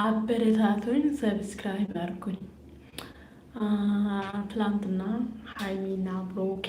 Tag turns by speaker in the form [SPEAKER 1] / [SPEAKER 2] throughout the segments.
[SPEAKER 1] አበረታቱኝ፣ ሰብስክራይብ አድርጉኝ። ትላንትና ሀይሚና ብሮኬ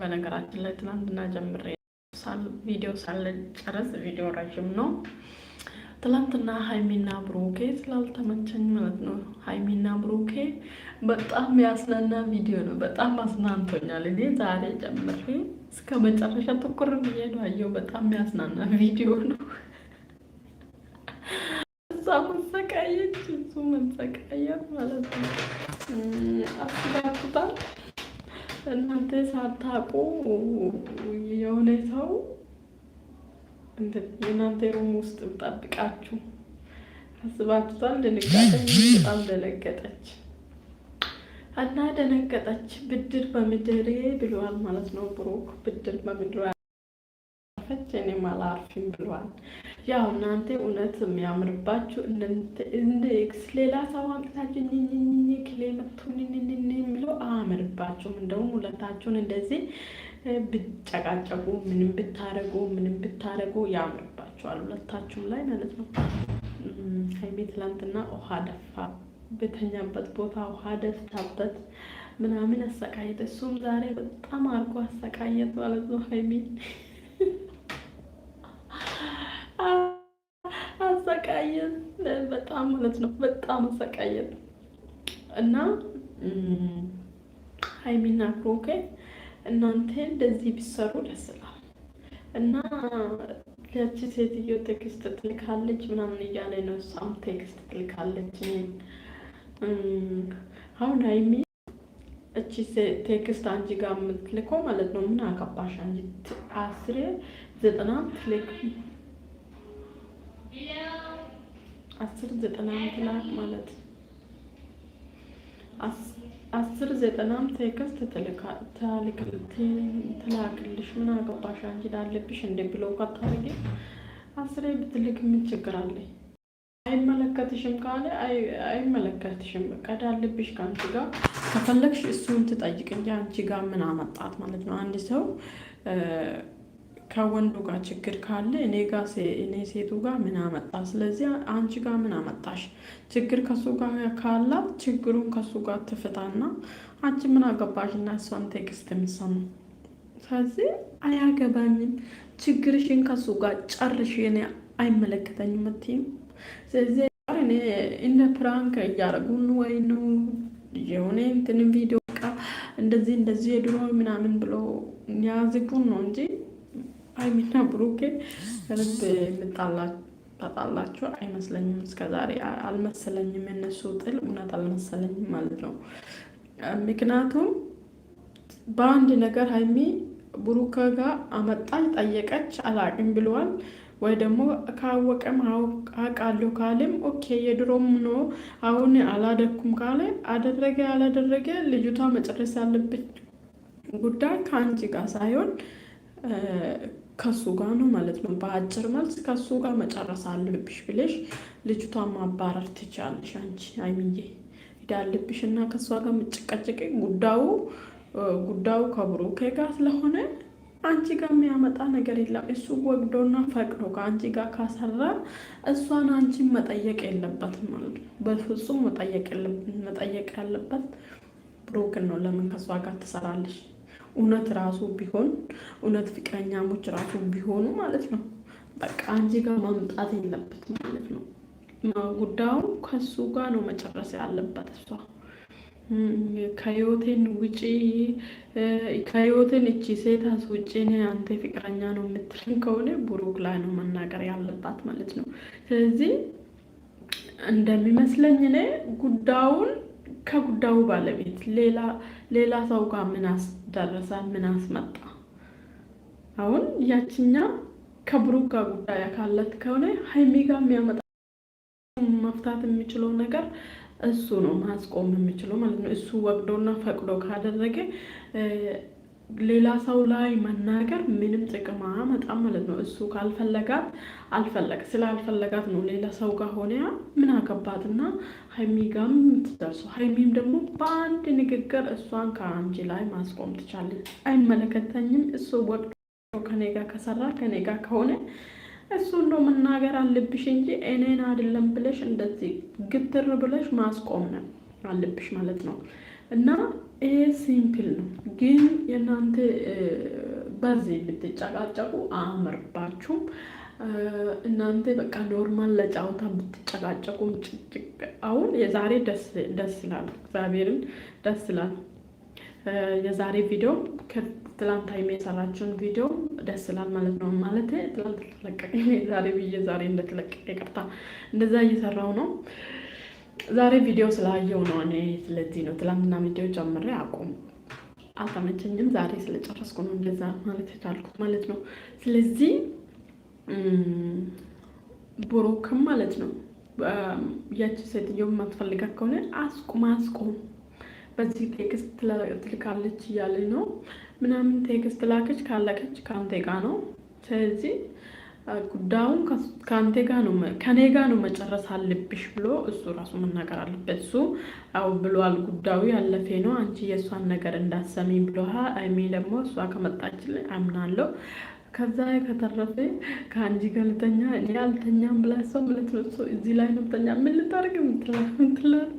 [SPEAKER 1] በነገራችን ላይ ትላንትና ጀምሬ ቪዲዮ ሳልጨርስ ቪዲዮ ረዥም ነው። ትላንትና ሀይሚና ብሮኬ ስላልተመቸኝ ማለት ነው። ሀይሚና ብሮኬ በጣም ያስናና ቪዲዮ ነው። በጣም አስናንቶኛል። እኔ ዛሬ ጀምሬ እስከ መጨረሻ ትኩር ብዬ ነው አየው። በጣም ያስናና ቪዲዮ ነው። እሷ መሰቃየች፣ እሱ መሰቃየት ማለት ነው። አስባችሁታል እናንተ ሳታውቁ የሆነ ሰው የእናንተ ሩም ውስጥ ጠብቃችሁ አስባችሁታል። ድንጋጤ በጣም ደነገጠች እና ደነገጠች። ብድር በምድሬ ብለዋል ማለት ነው። ብሩክ ብድር በምድሯ ያፈች እኔም አላርፍም ብለዋል። ያው እናንተ እውነት የሚያምርባችሁ እንደ ኤክስ ሌላ ሰው አምጥታችሁ ኝኝኝ ክሌ መጥቶ ኝኝኝ የሚለው አያምርባችሁም። እንደውም ሁለታችሁን እንደዚህ ብጨቃጨቁ ምንም ብታረጉ ምንም ብታረጉ ያምርባችኋል፣ ሁለታችሁም ላይ ማለት ነው። ሀይሜ ትላንትና ውሃ ደፋ፣ በተኛበት ቦታ ውሃ ደፍታበት ምናምን አሰቃየት። እሱም ዛሬ በጣም አርጎ አሰቃየት ማለት ነው ሀይሜ በጣም ማለት ነው በጣም አሰቃየን እና ሀይሚና ብሮኬ እናንተ እንደዚህ ቢሰሩ ደስ ይላል እና ከቺ ሴትዮ ቴክስት ትልካለች ምናምን እያለ ነው። እሷም ቴክስት ትልካለች። አሁን ሀይሚ እቺ ቴክስት አንቺ ጋር የምትልከው ማለት ነው ምን አገባሽ አንቺ አስሬ ዘጠና ትልክ አስር ዘጠናም ትላክ ማለት አስር ዘጠናም ቴክስት ትላክልሽ ምን አገባሽ አንቺ ዳለብሽ እንደ ብሎ ካታርጊ አስሬ ብትልክ ምን ችግር አለ? አይመለከትሽም ካለ አይመለከትሽም። በቃ ዳለብሽ ከአንቺ ጋር ከፈለግሽ እሱን ትጠይቅ እንጂ አንቺ ጋር ምን አመጣት ማለት ነው አንድ ሰው ከወንዱ ጋር ችግር ካለ እኔ ጋር እኔ ሴቱ ጋር ምን አመጣ? ስለዚህ አንቺ ጋር ምን አመጣሽ? ችግር ከሱ ጋር ካላት ችግሩን ከሱ ጋር ትፍታና አንቺ ምን አገባሽ? እና እሷን ቴክስት የምሰሙ ስለዚህ አያገባኝም፣ ችግርሽን ከሱ ጋር ጨርሽ፣ እኔ አይመለከተኝም እትይም። ስለዚህ እኔ እንደ ፕራንክ እያደረጉን ወይ ነው የሆነ እንትን ቪዲዮ እንደዚህ እንደዚህ የድሮ ምናምን ብሎ ያዝጉን ነው እንጂ ሀይሚና ብሩኬ ልብ የምጣላቸው አይመስለኝም። እስከዛሬ አልመሰለኝም፣ የነሱ ጥል እውነት አልመሰለኝም ማለት ነው። ምክንያቱም በአንድ ነገር ሀይሚ ብሩኬ ጋር አመጣች፣ ጠየቀች፣ አላቅም ብለዋል ወይ ደግሞ ካወቀም አውቃለሁ ካለም ኦኬ የድሮም ነው። አሁን አላደኩም ካለ አደረገ አላደረገ፣ ልጅቷ መጨረስ ያለብኝ ጉዳይ ከአንቺ ጋር ሳይሆን ከሱ ጋር ነው ማለት ነው። በአጭር መልስ ከሱ ጋር መጨረስ አለብሽ ብለሽ ልጅቷን ማባረር ትችላለሽ። አንቺ አይምዬ ሄዳለብሽ እና ከእሷ ጋር ምጭቀጭቅ ጉዳዩ ጉዳዩ ከብሩኬ ጋር ስለሆነ አንቺ ጋር የሚያመጣ ነገር የለም። እሱ ወግዶና ፈቅዶ ከአንቺ ጋር ካሰራ እሷን አንቺን መጠየቅ የለበትም ማለት ነው። በፍጹም መጠየቅ ያለበት ብሩክን ነው። ለምን ከእሷ ጋር ትሰራለሽ? እውነት ራሱ ቢሆን እውነት ፍቅረኛሞች ራሱ ቢሆኑ ማለት ነው በቃ አንቺ ጋር ማምጣት የለበት ማለት ነው። ጉዳዩ ከሱ ጋር ነው መጨረስ ያለበት። እሷ ከህይወቴን ውጪ ከህይወቴን እቺ ሴት ውጪ እኔ አንተ ፍቅረኛ ነው የምትለኝ ከሆነ ብሩክ ላይ ነው መናገር ያለባት ማለት ነው። ስለዚህ እንደሚመስለኝ እኔ ጉዳዩን ከጉዳዩ ባለቤት ሌላ ሰው ጋር ምን አስደረሰ? ምን አስመጣ? አሁን ያችኛ ከብሩክ ጋር ጉዳይ ካላት ከሆነ ሀይሚ ጋር የሚያመጣ መፍታት የሚችለው ነገር እሱ ነው፣ ማስቆም የሚችለው ማለት ነው። እሱ ወቅዶና ፈቅዶ ካደረገ ሌላ ሰው ላይ መናገር ምንም ጥቅም አያመጣም ማለት ነው። እሱ ካልፈለጋት አልፈለግ ስላልፈለጋት ነው። ሌላ ሰው ጋር ሆነ ምን አገባትና ሀይሚ ጋር የምትደርሰው ሀይሚም ደግሞ በአንድ ንግግር እሷን ከአንቺ ላይ ማስቆም ትቻለች። አይመለከተኝም እሱ ወቅ ከኔ ጋር ከሰራ ከኔ ጋር ከሆነ እሱ ነው መናገር አለብሽ እንጂ እኔን አይደለም ብለሽ እንደዚህ ግትር ብለሽ ማስቆም ነው አለብሽ ማለት ነው እና ይሄ ሲምፕል ነው፣ ግን የእናንተ በዚህ የምትጨቃጨቁ አያምርባችሁም። እናንተ በቃ ኖርማል ለጫወታ የምትጨቃጨቁም ጭቅጭቅ አሁን የዛሬ ደስ ይላል፣ እግዚአብሔርን ደስ ይላል። የዛሬ ቪዲዮ ከትላንት ሀይሜ የሰራችውን ቪዲዮ ደስ ይላል ማለት ነው። ማለት ትላንት ተለቀቀ ዛሬ ብዬ ዛሬ እንደተለቀቀ ይቅርታ፣ እንደዛ እየሰራው ነው ዛሬ ቪዲዮ ስላየው ነው እኔ። ስለዚህ ነው ትላንትና ቪዲዮ ጀምሬ አቆም አልተመቸኝም። ዛሬ ስለጨረስኩ ነው እንደዛ ማለት የቻልኩት ማለት ነው። ስለዚህ ብሩክም ማለት ነው ያቺ ሴትዮ የማትፈልጋት ከሆነ አስቁም አስቁም። በዚህ ቴክስት ትልካለች እያለኝ ነው ምናምን ቴክስት ላከች ካለከች ከአንተ ጋ ነው። ስለዚህ ጉዳዩን ከአንተ ጋር ነው ከኔ ጋር ነው መጨረስ አለብሽ ብሎ እሱ ራሱ መናገር አለበት። እሱ አው ብሏል፣ ጉዳዩ ያለፈ ነው፣ አንቺ የእሷን ነገር እንዳሰሚ ብሎሃ። አይሚ ደግሞ እሷ ከመጣችልኝ አምናለሁ። ከዛ ከተረፈ ከአንቺ ጋር ልተኛ እኔ አልተኛም ብላ ሰው ምለት ነው እዚህ ላይ ነው ተኛ። ምን ልታደርግ ምትላል?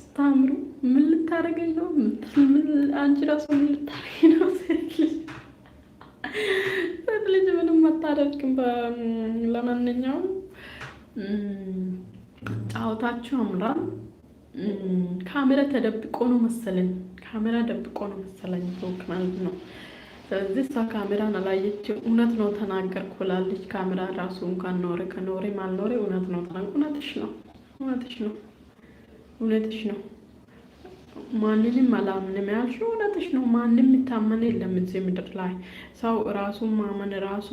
[SPEAKER 1] ስታምሩ ምን ልታደርገኝ ነው? አንቺ ራሱ ምን ልታደርገኝ ነው? ሴት ልጅ ምንም አታደርግም። ለማንኛውም ጫወታችሁ አምራን ካሜራ ተደብቆ ነው መሰለኝ፣ ካሜራ ደብቆ ነው መሰለኝ ብሩክ ማለት ነው። ስለዚህ እሷ ካሜራን አላየች። እውነት ነው ተናገርኩ ብላለች። ካሜራ ራሱ እንኳን ኖረ ከኖሬ ማልኖሬ እውነት ነው። እውነትሽ ነው። እውነትሽ ነው። እውነትሽ ነው። ማንንም አላምንም ያልሽ እውነትሽ ነው። ማንም የሚታመን የለም እዚህ ምድር ላይ ሰው ራሱ ማመን ራሱ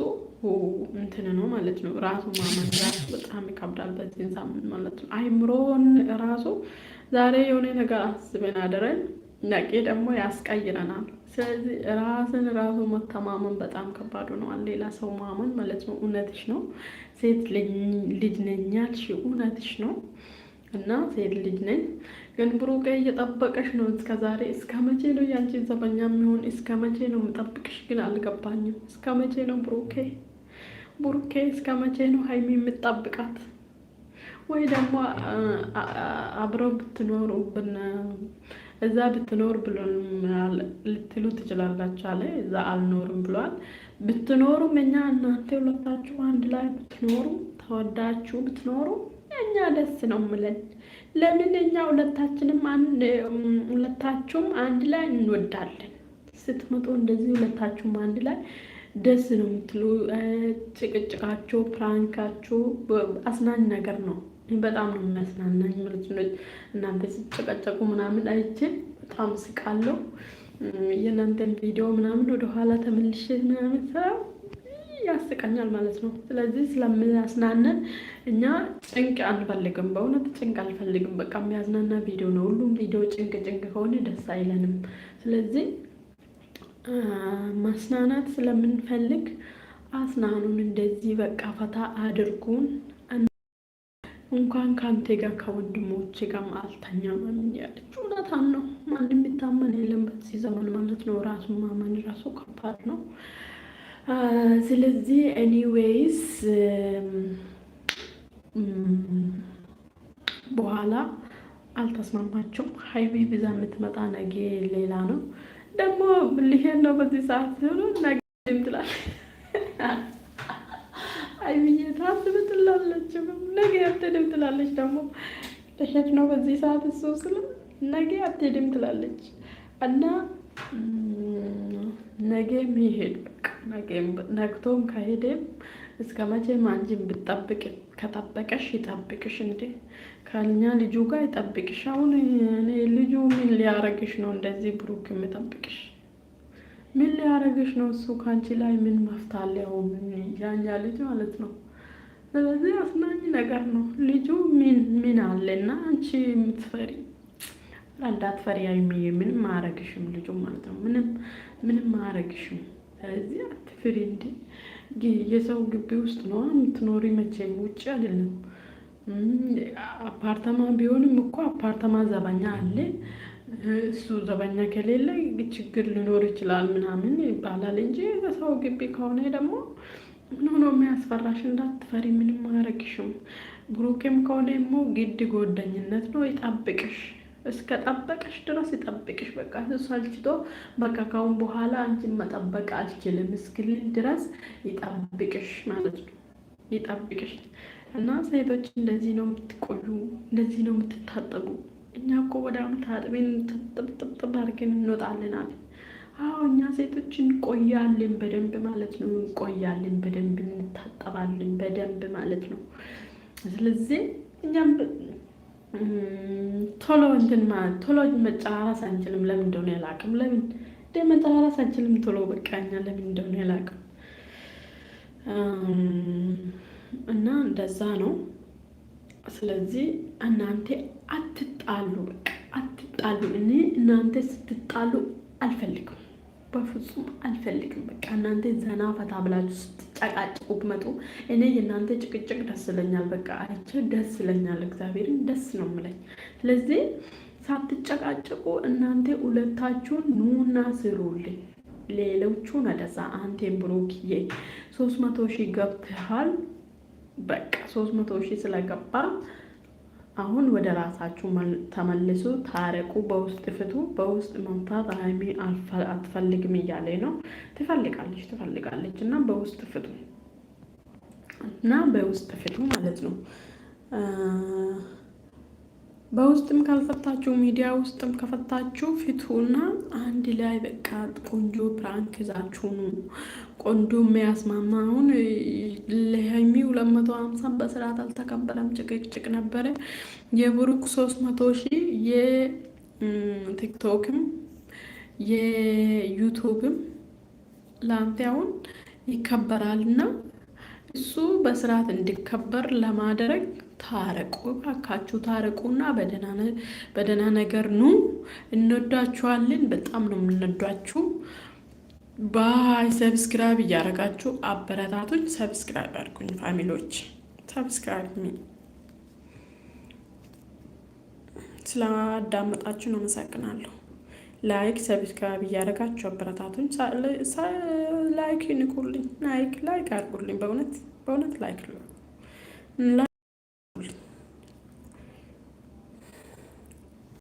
[SPEAKER 1] እንትን ነው ማለት ነው። ራሱ ማመን ራሱ በጣም ይከብዳል በዚህን ሳምንት ማለት ነው። አይምሮን ራሱ ዛሬ የሆነ ነገር አስበን አደረን ነቄ ደግሞ ያስቀይረናል። ስለዚህ ራስን ራሱ መተማመን በጣም ከባዱ ነው። ሌላ ሰው ማመን ማለት ነው። እውነትሽ ነው። ሴት ልጅ ነኝ ያልሽው እውነትሽ ነው። እና ሴት ልጅ ነኝ። ግን ብሩቄ እየጠበቀሽ ነው እስከ ዛሬ። እስከ መቼ ነው ያንቺን ዘበኛ የሚሆን? እስከ መቼ ነው የምጠብቅሽ? ግን አልገባኝም። እስከ መቼ ነው ብሩኬ ብሩኬ እስከ መቼ ነው ሀይሚ የምጠብቃት? ወይ ደግሞ አብረው ብትኖሩ እዛ ብትኖር ብሎ ልትሉ ትችላላችሁ። አለ እዛ አልኖርም ብሏል። ብትኖሩም እኛ እናንተ ሁለታችሁ አንድ ላይ ብትኖሩ ተወዳችሁ ብትኖሩ እኛ ደስ ነው ምለን። ለምን እኛ ሁለታችንም ሁለታችሁም አንድ ላይ እንወዳለን። ስትመጡ እንደዚህ ሁለታችሁም አንድ ላይ ደስ ነው የምትሉ። ጭቅጭቃችሁ፣ ፕራንካችሁ አዝናኝ ነገር ነው። በጣም ነው የሚያስናናኝ። ማለት እናንተ ሲጨቀጨቁ ምናምን አይቼ በጣም ስቃለሁ። የእናንተን ቪዲዮ ምናምን ወደኋላ ተመልሼ ምናምን ያስቀኛል ማለት ነው። ስለዚህ ስለሚያዝናናን እኛ ጭንቅ አንፈልግም። በእውነት ጭንቅ አልፈልግም። በቃ የሚያዝናና ቪዲዮ ነው። ሁሉም ቪዲዮ ጭንቅ ጭንቅ ከሆነ ደስ አይለንም። ስለዚህ ማስናናት ስለምንፈልግ አስናኑን፣ እንደዚህ በቃ ፈታ አድርጉን። እንኳን ከአንተ ጋር ከወንድሞቼ ጋር አልተኛም እያለች እውነታን ነው። አንድ የሚታመን የለም በዚህ ዘመን ማለት ነው። ራሱ ማመን ራሱ ከባድ ነው። ስለዚህ ኤኒዌይስ um, mm, በኋላ አልተስማማቸውም። ሀይሚ ብዛ የምትመጣ ነገ ሌላ ነው ደግሞ ልሄድ ነው በዚህ ሰዓት ሲሆኑ ነገም ትላለች። ሀይሚዬ ታስብ ትላለች፣ ነገ አትሄድም ትላለች። ደግሞ ልሄድ ነው በዚህ ሰዓት እሱ ስለ ነገ አትሄድም ትላለች እና mm, ነገ መሄድ በቃ ነግቶም ከሄደም እስከ መቼ አንቺን ብጠብቅ ከጠበቀሽ ይጠብቅሽ እንዴ ከኛ ልጁ ጋር ይጠብቅሽ። አሁን እኔ ልጁ ምን ሊያረግሽ ነው? እንደዚህ ብሩክ የምጠብቅሽ ምን ሊያረግሽ ነው? እሱ ከአንቺ ላይ ምን መፍታል? ያው ያኛ ልጅ ማለት ነው። ስለዚህ አስናኝ ነገር ነው። ልጁ ምን ምን አለና አንቺ የምትፈሪ እንዳትፈሪ፣ ምንም አያረግሽም ልጁ ማለት ነው። ምንም ምንም አያረግሽም። እዚህ አትፍሪ እንዲ የሰው ግቢ ውስጥ ነው የምትኖሪ፣ መቼም ውጭ አይደለም። አፓርታማ ቢሆንም እኮ አፓርታማ ዘበኛ አለ። እሱ ዘበኛ ከሌለ ችግር ሊኖር ይችላል ምናምን ይባላል እንጂ በሰው ግቢ ከሆነ ደግሞ ምን ሆኖ የሚያስፈራሽ? እንዳትፈሪ፣ ምንም አያረግሽም። ብሩኬም ከሆነ ደግሞ ግድ ጎደኝነት ነው ይጣብቅሽ። እስከጠበቀሽ ድረስ ይጠብቅሽ። በቃ እሱ አልችቶ በቃ ካሁን በኋላ አንቺን መጠበቅ አልችልም እስክልል ድረስ ይጠብቅሽ ማለት ነው። ይጠብቅሽ እና ሴቶች እንደዚህ ነው የምትቆዩ፣ እንደዚህ ነው የምትታጠቡ። እኛ እኮ ወደ አመት አጥቤን ጥብጥብጥብ አድርገን እንወጣለን አለ። አዎ እኛ ሴቶች እንቆያለን በደንብ ማለት ነው። እንቆያለን በደንብ እንታጠባለን በደንብ ማለት ነው። ስለዚህ እኛም ቶሎ እንትን ቶሎ መጨራረስ አንችልም። ለምን እንደሆነ ያላቅም። ለምን እንደ መጨራረስ አንችልም ቶሎ በቃኛ። ለምን እንደሆነ ያላቅም። እና እንደዛ ነው። ስለዚህ እናንተ አትጣሉ፣ በቃ አትጣሉ። እኔ እናንተ ስትጣሉ አልፈልግም። በፍጹም አልፈልግም። በቃ እናንተ ዘና ፈታ ብላችሁ ስትጨቃጭቁ ብመጡ እኔ የእናንተ ጭቅጭቅ ደስ ይለኛል። በቃ አይቼ ደስ ይለኛል። እግዚአብሔርን ደስ ነው የምለኝ። ስለዚህ ሳትጨቃጭቁ እናንተ ሁለታችሁን ኑና ስሩልኝ። ሌሎቹን አደሳ አንቴን ብሩክዬ ሶስት መቶ ሺህ ገብተሃል። በቃ ሶስት መቶ ሺህ ስለገባ አሁን ወደ ራሳችሁ ተመልሱ፣ ታረቁ፣ በውስጥ ፍቱ። በውስጥ መምታት ሀይሚ አትፈልግም እያለ ነው። ትፈልጋለች ትፈልጋለች እና በውስጥ ፍቱ እና በውስጥ ፍቱ ማለት ነው። በውስጥም ካልፈታችሁ ሚዲያ ውስጥም ከፈታችሁ እና አንድ ላይ በቃ ቆንጆ ፕራንክ ይዛችሁ ነው ቆንጆ የሚያስማማ አሁን ለሀይሚ ሁለት መቶ ሀምሳ በስርዓት አልተቀበለም። ጭቅጭቅ ነበረ። የብሩክ ሶስት መቶ ሺ የቲክቶክም የዩቱብም ለአንተ አሁን ይከበራል እና እሱ በስርዓት እንዲከበር ለማድረግ ታረቁ፣ እባካችሁ ታረቁና በደህና ነገር ኑ። እንወዳችኋለን። በጣም ነው የምንወዳችሁ። ባይ ሰብስክራይብ እያደረጋችሁ አበረታቶች ሰብስክራይብ አድርጉኝ ፋሚሊዎች ሰብስክራይብ ሚ ስላዳመጣችሁ ነው አመሰግናለሁ ላይክ ሰብስክራይብ እያደረጋችሁ አበረታቶች ላይክ ይንቁልኝ ላይክ ላይክ አድርጉልኝ በእውነት በእውነት ላይክ